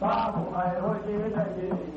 Babu mai hoji da ke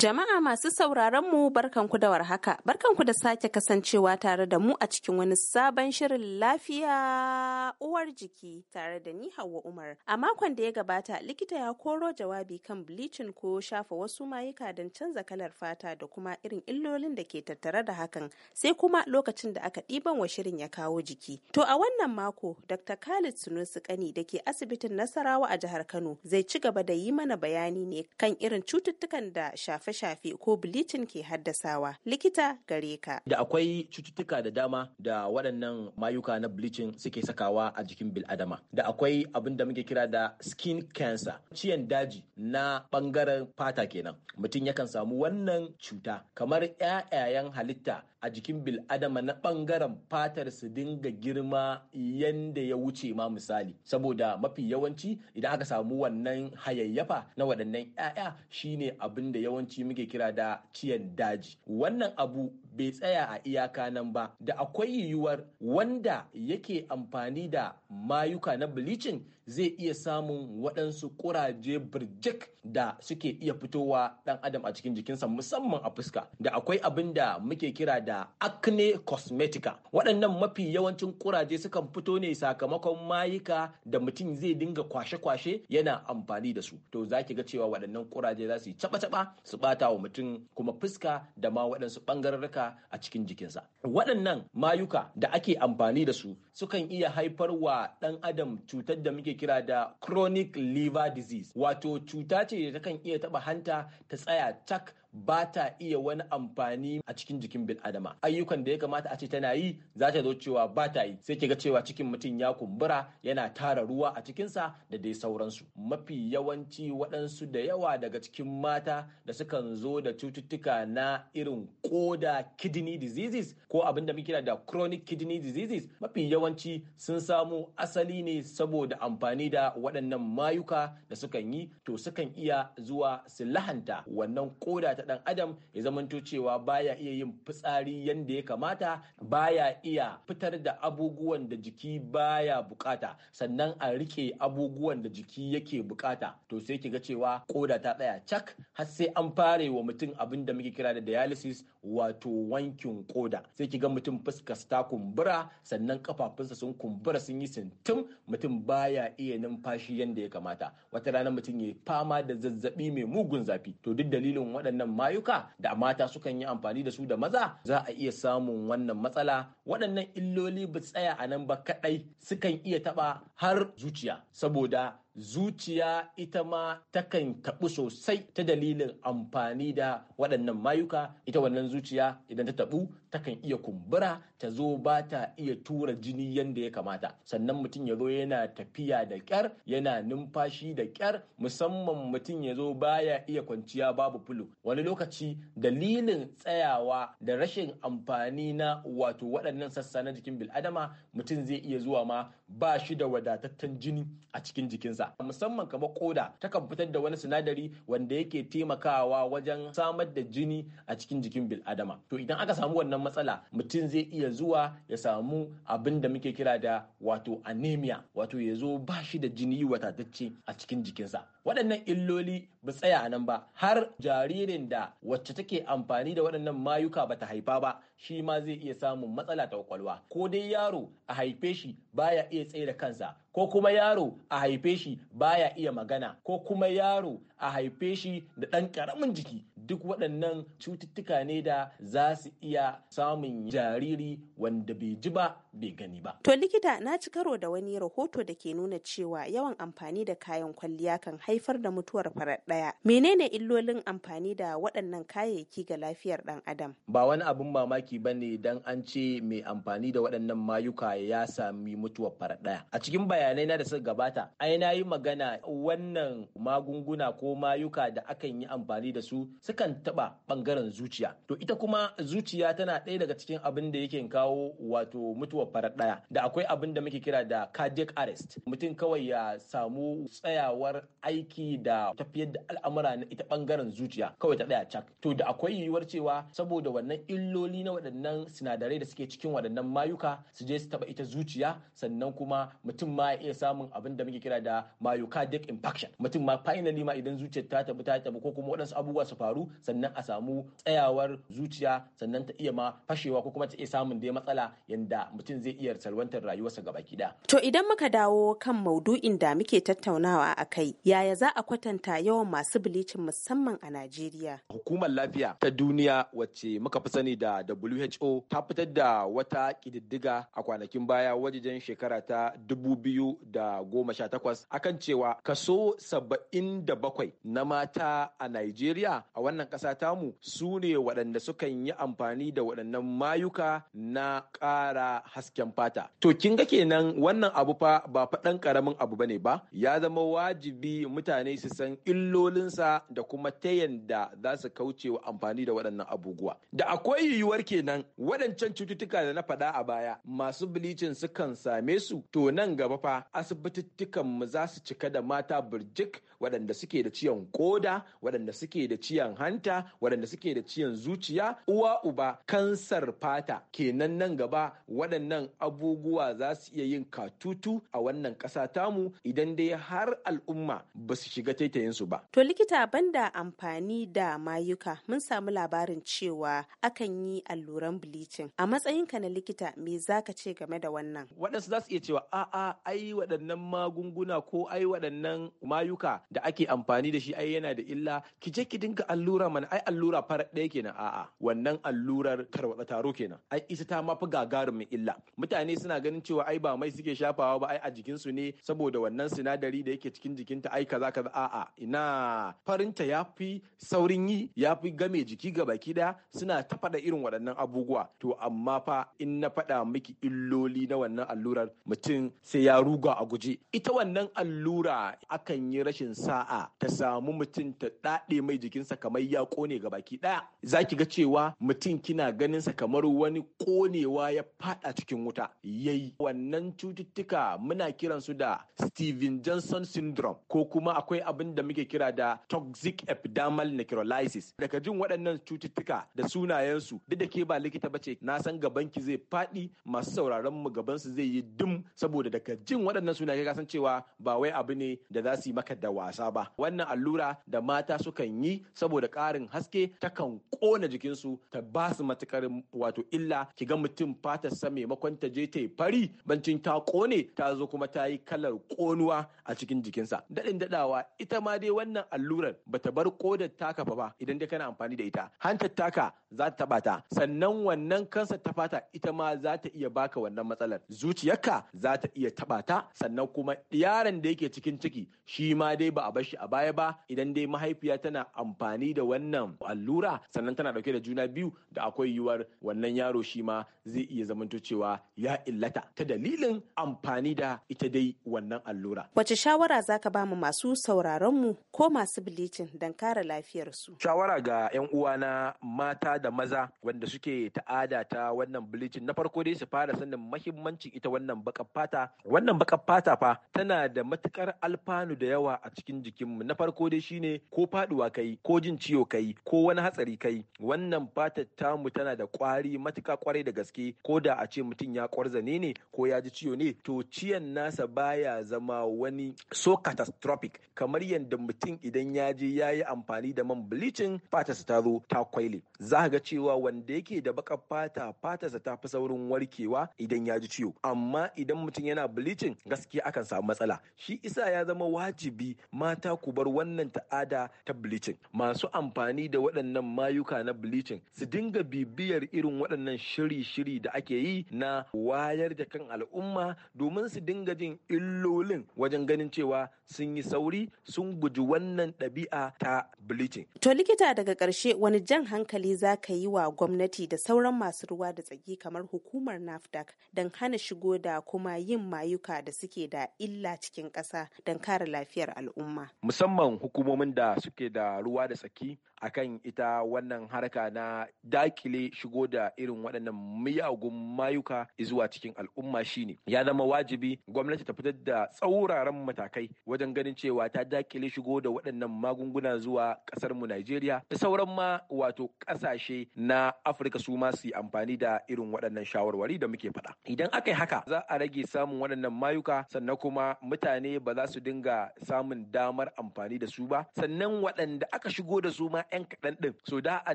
Jama'a masu sauraron mu barkanku da warhaka, barkanku da sake kasancewa tare da mu a cikin wani sabon shirin lafiya uwar jiki tare da ni Hauwa Umar. A makon da ya gabata likita ya koro jawabi kan bleaching ko shafa wasu mayuka don canza kalar fata da kuma irin illolin da ke tattare da hakan sai kuma lokacin da aka ɗiban wa shirin ya kawo jiki. To a wannan mako Dr. Khalid Sunusi Kani da ke asibitin Nasarawa a jihar Kano zai ci gaba da yi mana bayani ne kan irin cututtukan da shafa shafe-shafe ko bleaching ke haddasawa. Likita gare ka. Da akwai cututtuka da dama da waɗannan mayuka na bleaching suke sakawa a jikin bil'adama. Da akwai abin da muke kira da skin cancer, ciyan daji na ɓangaren fata kenan. Mutum yakan samu wannan cuta kamar 'ya'yayan halitta a jikin bil'adama na bangaren fatar su dinga girma yanda ya wuce ma misali saboda mafi yawanci idan aka samu wannan hayayyafa na waɗannan 'ya'ya shine abin da yawanci muke kira da ciyan daji wannan abu bai tsaya a iyaka nan ba da akwai yiwuwar wanda yake amfani da mayuka na bleaching zai iya samun waɗansu ƙuraje birjik da suke iya fitowa ɗan adam a cikin jikinsa musamman a fuska da akwai abin da muke kira da acne cosmetica waɗannan mafi yawancin ƙuraje sukan fito ne sakamakon mayuka da mutum zai dinga kwashe-kwashe yana amfani da su to za ki ga cewa waɗannan kuraje za su yi caɓa-caɓa su ɓata wa mutum kuma fuska da ma waɗansu ɓangararraka a cikin jikinsa waɗannan mayuka da ake amfani da su sukan iya haifar wa ɗan adam cutar da muke kira da chronic liver disease wato cuta ce da kan iya taba hanta ta tsaya cak. ba ta iya wani amfani a cikin jikin bin adama ayyukan da ya kamata a ce tana yi za ta zo cewa ba ta yi sai ga cewa cikin mutum ya kumbura yana tara ruwa a cikinsa da dai sauransu mafi yawanci waɗansu da yawa daga cikin mata da sukan zo da cututtuka na irin koda kidney diseases ko abin da muke kira da chronic kidney diseases mafi yawanci sun samu asali ne saboda amfani da waɗannan mayuka da sukan yi to sukan iya zuwa su lahanta wannan koda ta dan adam ya zamanto cewa baya iya yin fitsari yadda ya kamata baya iya fitar da abubuwan da jiki baya bukata sannan a rike abubuwan da jiki yake bukata to sai ki ga cewa koda ta tsaya cak har sai an fare wa mutum abin da muke kira da dialysis wato wankin koda sai ki ga mutum fuskas ta kumbura sannan kafafunsa sun kumbura sun yi sintim mutum baya iya numfashi yadda ya kamata wata rana mutum ya fama da zazzabi mai mugun zafi to duk dalilin waɗannan mayuka da mata sukan yi amfani da su da maza za a iya samun wannan matsala waɗannan illoli ba tsaya a nan ba kaɗai sukan iya taɓa har zuciya saboda zuciya ita ma takan taɓu sosai ta dalilin amfani da waɗannan mayuka ita wannan zuciya idan ta taɓu takan iya kumbura ta zo ba ta iya tura jini yadda ya kamata sannan mutum ya zo yana tafiya da ƙyar yana numfashi da ƙyar musamman mutum ya zo baya iya kwanciya babu fulu wani lokaci dalilin tsayawa da rashin amfani na wato waɗannan sassa na jikin bil'adama mutum zai iya zuwa ma ba shi da wadataccen jini a cikin jikinsa jikinsa musamman kamar koda takan fitar da wani sinadari wanda yake taimakawa wajen samar da jini a cikin jikin bil'adama to idan aka samu wannan matsala mutum zai iya zuwa ya samu abin da muke kira da wato anemia wato ya zo ba shi da jini watatacce a cikin jikinsa waɗannan illoli ba tsaya nan ba har jaririn da wacce take amfani da waɗannan mayuka ba ta haifa ba shi ma zai iya samun matsala ta kwakwalwa ko dai yaro a haife shi baya iya tsaye da kansa ko kuma yaro a haife shi baya iya magana ko kuma yaro a haife shi da ɗan ƙaramin jiki duk waɗannan cututtuka ne da za su iya samun jariri wanda bai ji ba bai gani ba. To likita na ci karo da wani rahoto da ke nuna cewa yawan amfani da kayan kwalliya kan haifar da mutuwar farar ɗaya. Menene illolin amfani da waɗannan kayayyaki ga lafiyar ɗan adam? Ba wani abin mamaki ba ne dan an ce mai amfani da waɗannan mayuka ya sami mutuwar farar ɗaya. A cikin bayanai na da suka gabata, ai na yi magana wannan magunguna ko mayuka da akan yi amfani da su sukan taɓa ɓangaren zuciya to ita kuma zuciya tana ɗaya daga cikin abin da yake kawo wato mutuwar farar ɗaya da akwai abin da muke kira da cardiac arrest mutum kawai ya samu tsayawar aiki da tafiyar da al'amura na ita ɓangaren zuciya kawai ta ɗaya cak to da akwai yiwuwar cewa saboda wannan illoli na waɗannan sinadarai da suke cikin waɗannan mayuka su je su taɓa ita zuciya sannan kuma mutum ma ya iya samun abin da muke kira da myocardial infarction mutum ma finally ma idan zuciyar ta tabi ta tabi ko kuma waɗansu abubuwa su faru sannan a samu tsayawar zuciya sannan ta iya ma fashewa ko kuma ta iya samun dai matsala yanda mutum zai iya salwantar rayuwarsa gaba kida. To idan muka dawo kan maudu'in da muke tattaunawa a kai yaya za a kwatanta yawan masu bilicin musamman a Najeriya? Hukumar lafiya ta duniya wacce muka fi sani da WHO ta fitar da wata ƙididdiga a kwanakin baya wajejen shekara ta dubu biyu da goma sha takwas akan cewa kaso saba'in da bakwai na mata a Najeriya a wannan ƙasa tamu su ne waɗanda sukan yi amfani da waɗannan mayuka na ƙara hasken fata. To kin ga kenan wannan abu fa ba faɗan ƙaramin abu bane ba ya zama wajibi mutane su san illolinsa da kuma ta yanda za su kauce wa amfani da waɗannan abubuwa. Da akwai yiwuwar kenan waɗancan cututtuka da na faɗa a baya masu bilicin sukan same su to nan gaba fa asibitittukan mu za su cika da mata birjik waɗanda suke da ciyan koda waɗanda suke da ciyan hanta waɗanda suke da ciyan zuciya uwa uba kansar fata kenan nan gaba waɗannan abubuwa za su iya yin katutu a wannan ƙasa tamu idan dai har al'umma ba su shiga taitayinsu ba. To likita banda amfani da mayuka mun samu labarin cewa akan yi alluran bleaching a matsayinka na likita me za ka ce game da wannan? Waɗansu za su iya cewa a'a ai waɗannan magunguna ko ai waɗannan mayuka da ake amfani da shi ai yana da illa ki je ki dinga allura allura mana ai allura farar ɗaya kenan a'a wannan allurar tarwatsa taro kenan ai ita ta mafi gagarumin illa mutane suna ganin cewa ai ba mai suke shafawa ba ai a jikin su ne saboda wannan sinadari da yake cikin jikinta ai kaza kaza a'a ina farinta yafi saurin yi yafi game jiki ga baki da suna ta faɗa irin waɗannan abubuwa to amma fa in na faɗa miki illoli na wannan allurar mutum sai ya ruga a guje ita wannan allura akan yi rashin sa'a ta samu mutum ta ɗaɗe mai jikinsa kamar ya kone ga baki daya za ki ga cewa mutum kina ganin sa kamar wani konewa ya fada cikin wuta yayi wannan cututtuka muna kiran su da Steven Johnson syndrome ko kuma akwai abin da muke kira da toxic epidermal necrolysis daga jin waɗannan cututtuka da sunayensu duk da ke ba likita bace na san gaban ki zai faɗi masu sauraron mu gaban su zai yi dum saboda daga jin waɗannan sunaye ka san cewa ba wai abu ne da za su yi maka da wasa ba wannan allura da mata sukan yi saboda ƙarin haske takan ƙona jikinsu ta ba su matukar wato illa ki ga mutum fatar sa maimakon ta je ta yi fari bancin ta ƙone ta zo kuma ta yi kalar ƙonuwa a cikin jikinsa daɗin daɗawa ita ma dai wannan allurar ba ta bar ƙodar taka fa ba idan dai kana amfani da ita hantar taka za ta taɓa ta sannan wannan kansa ta fata ita ma za ta iya baka wannan matsalar zuciyarka za ta iya taɓa ta sannan kuma yaron da yake cikin ciki shi ma dai ba a bar shi a baya ba idan dai mahaifiya tana amfani da wannan allura sannan tana dauke da juna biyu da akwai yiwuwar wannan yaro shi ma zai iya zamanto cewa ya illata ta dalilin amfani da ita dai wannan allura. Wace shawara za ka ba mu masu sauraron mu ko masu bilicin don kare lafiyar su? Shawara ga 'yan uwa na mata da maza wanda suke ta'ada ta wannan bilicin na farko dai su fara sanin mahimmancin ita wannan bakar fata. Wannan bakar fata fa tana da matukar alfanu da yawa a cikin jikinmu na farko dai shine ko faduwa kai ko jin ciwo kai ko wani hatsari kai wannan fatar tamu tana da kwari matuka kwarai da gaske ko da a ce mutum ya kwarzane ne ko ya ji ciwo ne to ciyan nasa baya zama wani so catastrophic kamar yadda mutum idan ya je ya yi amfani da man bleaching fatarsa ta zo ta kwaile za ga cewa wanda yake da baka fata fatarsa ta fi saurin warkewa idan ya ji ciwo amma idan mutum yana bleaching gaskiya akan samu matsala shi isa ya zama wajibi mata ku bar wannan ta'ada ta bleaching masu amfani da waɗannan mayuka na bleaching su dinga bibiyar irin waɗannan shiri-shiri da ake yi na wayar da kan al'umma domin su dinga jin illolin wajen ganin cewa sun yi sauri sun guji wannan ɗabi'a ta bleaching. To likita daga ƙarshe wani jan hankali za ka yi wa gwamnati da sauran masu ruwa da tsaki kamar hukumar NAFDAC don hana shigo da kuma yin mayuka da suke da illa cikin ƙasa don kare lafiyar al'umma. Musamman hukumomin da suke da ruwa da tsaki a kan ita wannan harka na dakile shigo da irin waɗannan miyagun mayuka zuwa cikin al'umma shine ya zama wajibi gwamnati ta fitar da tsauraran matakai wajen ganin cewa ta dakile shigo da waɗannan magunguna zuwa ƙasar mu Najeriya da sauran ma wato ƙasashe na Afirka su ma su amfani da irin waɗannan shawarwari da muke faɗa idan aka yi haka za a rage samun waɗannan mayuka sannan kuma mutane ba za su dinga samun damar amfani da su ba sannan waɗanda aka shigo da su ma 'yan kaɗan ɗin so da a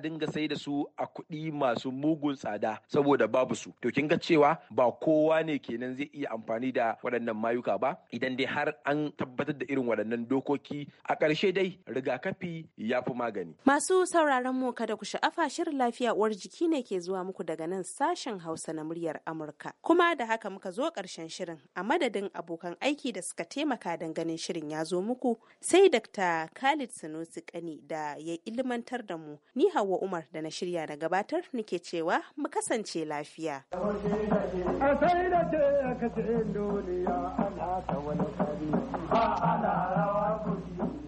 dinga sai da su a kuɗi masu mugun tsada saboda babu su to kin ga cewa ba kowa ne kenan zai iya amfani da waɗannan mayuka ba idan dai har an tabbatar da irin waɗannan dokoki a ƙarshe dai rigakafi ya fi magani. Masu sauraron mu kada ku sha'afa shirin lafiya uwar jiki ne ke zuwa muku daga nan sashen Hausa na muryar Amurka. Kuma da haka muka zo ƙarshen shirin a madadin abokan aiki da suka taimaka don ganin shirin ya zo muku sai Dr. Khalid Sanusi Kani da ya ilimantar da mu. Ni hawa Umar da na shirya da gabatar nake cewa mu kasance lafiya. ana